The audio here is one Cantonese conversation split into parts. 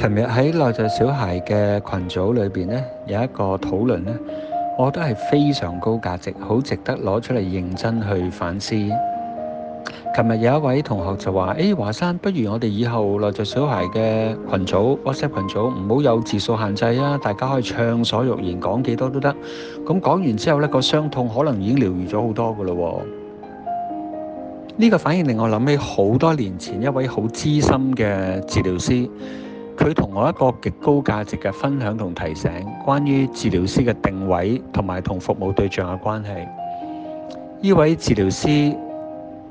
琴日喺內在小孩嘅群組裏邊咧，有一個討論咧，我覺得係非常高價值，好值得攞出嚟認真去反思。琴日有一位同學就話：誒、欸、華山，不如我哋以後內在小孩嘅群組 WhatsApp 群組唔好有字數限制啊，大家可以暢所欲言，講幾多都得。咁講完之後咧，個傷痛可能已經療愈咗好多噶咯、哦。喎，呢個反應令我諗起好多年前一位好資深嘅治療師。佢同我一個極高價值嘅分享同提醒，關於治療師嘅定位同埋同服務對象嘅關係。呢位治療師，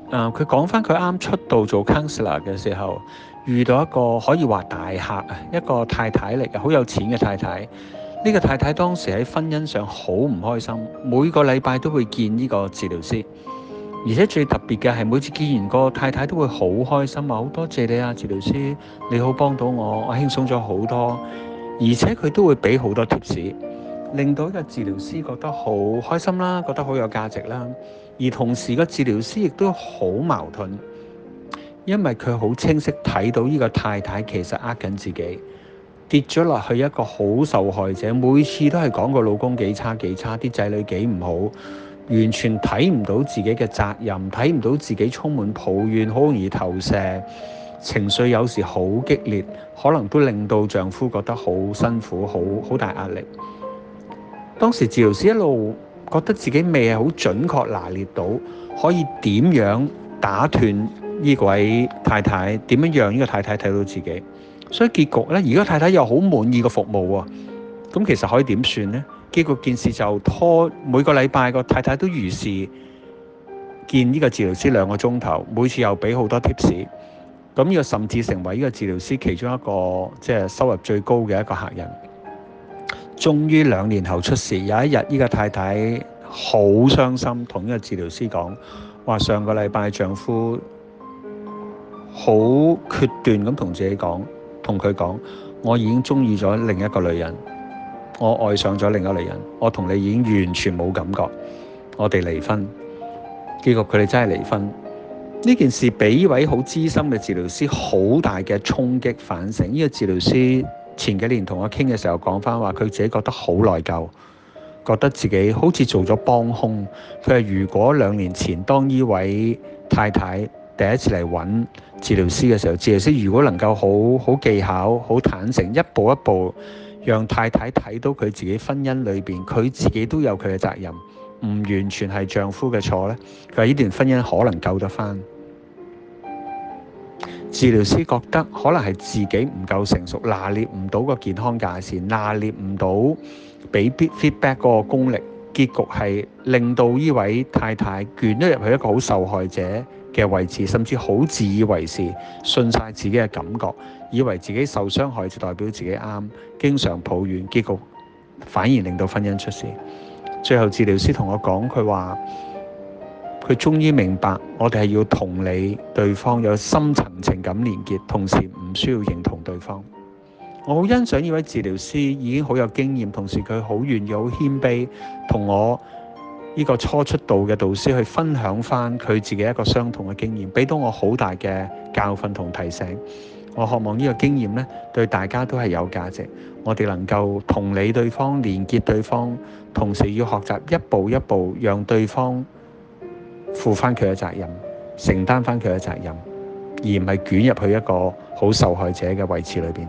誒佢講翻佢啱出道做 counselor 嘅時候，遇到一個可以話大客啊，一個太太嚟嘅好有錢嘅太太。呢、這個太太當時喺婚姻上好唔開心，每個禮拜都會見呢個治療師。而且最特別嘅係每次見完個太太都會好開心啊！好多謝你啊，治療師，你好幫到我，我輕鬆咗好多。而且佢都會俾好多貼士，令到依個治療師覺得好開心啦、啊，覺得好有價值啦、啊。而同時個治療師亦都好矛盾，因為佢好清晰睇到呢個太太其實呃緊自己，跌咗落去一個好受害者，每次都係講個老公幾差幾差，啲仔女幾唔好。完全睇唔到自己嘅責任，睇唔到自己充滿抱怨，好容易投射情緒，有時好激烈，可能都令到丈夫覺得好辛苦，好好大壓力。當時治療師一路覺得自己未係好準確拿捏到，可以點樣打斷呢位太太，點樣讓呢個太太睇到自己。所以結局呢，如果太太有好滿意嘅服務喎、啊，咁其實可以點算呢？結果件事就拖，每個禮拜個太太都如是見呢個治療師兩個鐘頭，每次又俾好多 tips，咁呢個甚至成為呢個治療師其中一個即係收入最高嘅一個客人。終於兩年後出事，有一日呢個太太好傷心，同呢個治療師講，話上個禮拜丈夫好決斷咁同自己講，同佢講，我已經中意咗另一個女人。我愛上咗另一女人，我同你已經完全冇感覺，我哋離婚。結果佢哋真係離婚。呢件事俾呢位好資深嘅治療師好大嘅衝擊反省。呢個治療師前幾年同我傾嘅時候講返話，佢自己覺得好內疚，覺得自己好似做咗幫兇。佢話如果兩年前當呢位太太，第一次嚟揾治療師嘅時候，治療師如果能夠好好技巧、好坦誠，一步一步讓太太睇到佢自己婚姻裏邊，佢自己都有佢嘅責任，唔完全係丈夫嘅錯咧。佢話呢段婚姻可能救得翻。治療師覺得可能係自己唔夠成熟，拿捏唔到個健康界線，拿捏唔到俾啲 feedback 嗰個功力。結局係令到呢位太太捲咗入去一個好受害者嘅位置，甚至好自以為是，信晒自己嘅感覺，以為自己受傷害就代表自己啱，經常抱怨，結局反而令到婚姻出事。最後治療師同我講，佢話佢終於明白，我哋係要同理對方有深層情感連結，同時唔需要認同對方。我好欣賞呢位治療師，已經好有經驗，同時佢好願意、好謙卑，同我呢個初出道嘅導師去分享翻佢自己一個相同嘅經驗，俾到我好大嘅教訓同提醒。我渴望呢個經驗咧，對大家都係有價值。我哋能夠同理對方、連結對方，同時要學習一步一步讓對方負翻佢嘅責任，承擔翻佢嘅責任，而唔係捲入去一個好受害者嘅位置裏邊。